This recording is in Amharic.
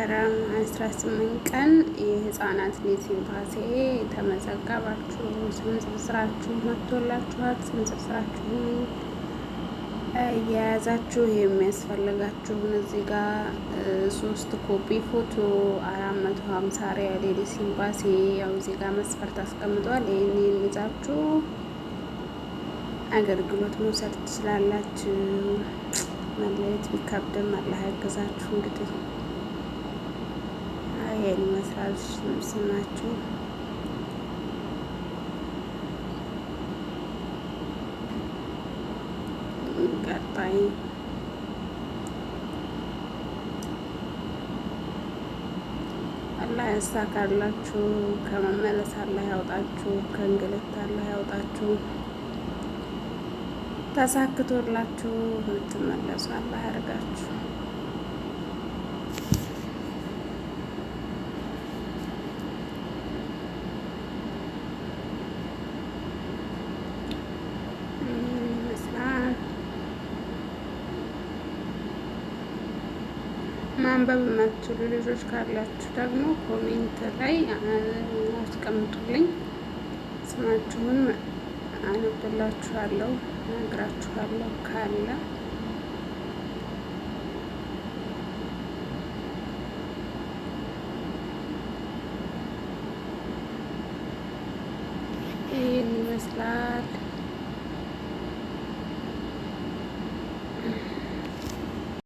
መስከረም 18 ቀን የህፃናት ዴት ኤምባሴ ተመዘገባችሁ፣ ስም ዝርዝራችሁ መጥቶላችኋል። ስም ዝርዝራችሁን የያዛችሁ የሚያስፈልጋችሁን እዚህ ጋር ሶስት ኮፒ ፎቶ አራት መቶ ሀምሳ ሪያል የዴት ኤምባሴ ያው እዚህ ጋር መስፈርት አስቀምጧል። ይህን ይዛችሁ አገልግሎት መውሰድ ትችላላችሁ። መለየት ቢከብድም አላህ ያግዛችሁ እንግዲህ ይሄን ይመስላል ስናችሁ ቀጣይ አላህ ያሳካላችሁ። ከመመለስ አላህ ያውጣችሁ። ከእንግልት አላህ ያውጣችሁ። ተሳክቶላችሁ የምትመለሱ አላህ ያርጋችሁ። ማንበብ የማትችሉ ልጆች ካላችሁ ደግሞ ኮሜንት ላይ አስቀምጡልኝ። ስማችሁን አነብላችኋለሁ፣ ነግራችኋለሁ ካለ